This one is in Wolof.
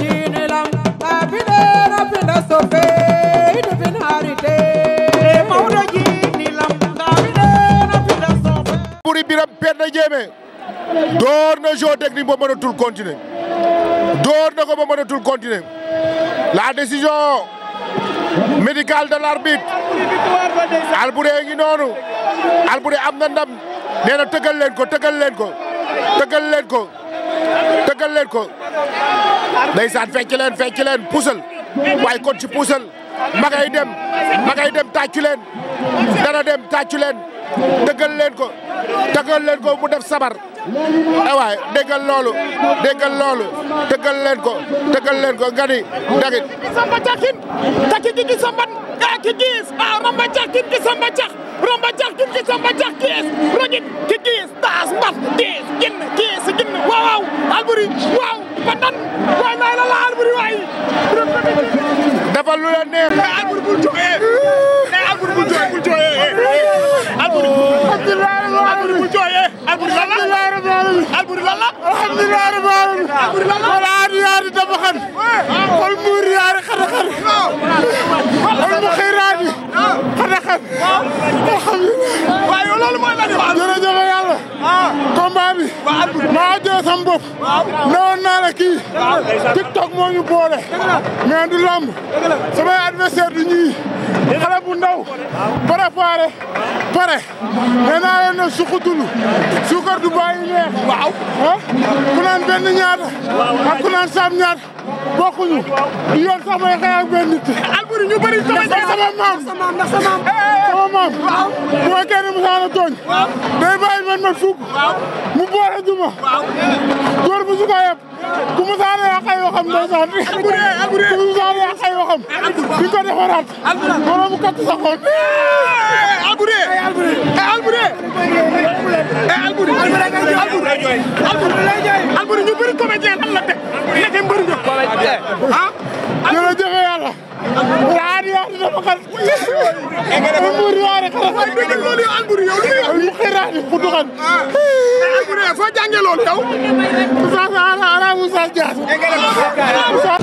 jini lam abide rafinda sofe idu bin harite mawdo jini lam abide rafinda sofe la décision médicale de l'arbitre Alboury ngi noonu Alboury am na ndam nee na leen ko tëggal leen ko tëggal leen ko tëggal leen ko ndeysaan fecc leen fecc leen puusal waaye kon ci puusal ma ngay dem ma dem tàccu leen dana dem tàccu leen tëggal leen ko tëggal leen ko mu def sabar a eh waay déggal loolu déggal loolu tëggal leen ko tëggal leen ko nga ni dagit samba cakin taki gi gi ah, samba ki gis a ramba cakin gi samba cax ramba Albouri waaw ba nan waay lay la la waay defal lu la neex Albouri bul jooyee ne bul jooyee bul jooyee Albouri Albouri bul jooyee Albouri la la Albouri la la maa jëlee sama bopp. newoon naa la kii. TikTok moo ñu boole. mais du lamb. samay adversaire du ñuy. xale bu ndaw. préparé. pare. nee naa leen ne suqutulu. suukar du bàyyi neex. waaw ah. ku naan benn ñaata. ku naan saam ñaata. bokkuñu. du yoon sax may xëy ak benn nit. alburi ñu bëri sama sama maam sama maam. sama maam. Eh, eh, eh. bu fekkee ne mu sax la tooñ. day bàyyi man ma fukk. mu boole. ma góor bu su ko yëpp ku mu saane yàq ay waxam ndeysaan ku mu saane yàq ay waxam di ko defaraat borom kat sa xoon Alboury Alboury Alboury Alboury ñu bëri comédien lan la teg nekk mbër nga ah jërëjëf yàlla yaa di yaa di dafa xar Saani Xuduxan. foo jàngee loolu yow. Oustaz Ara Oustaz Dia.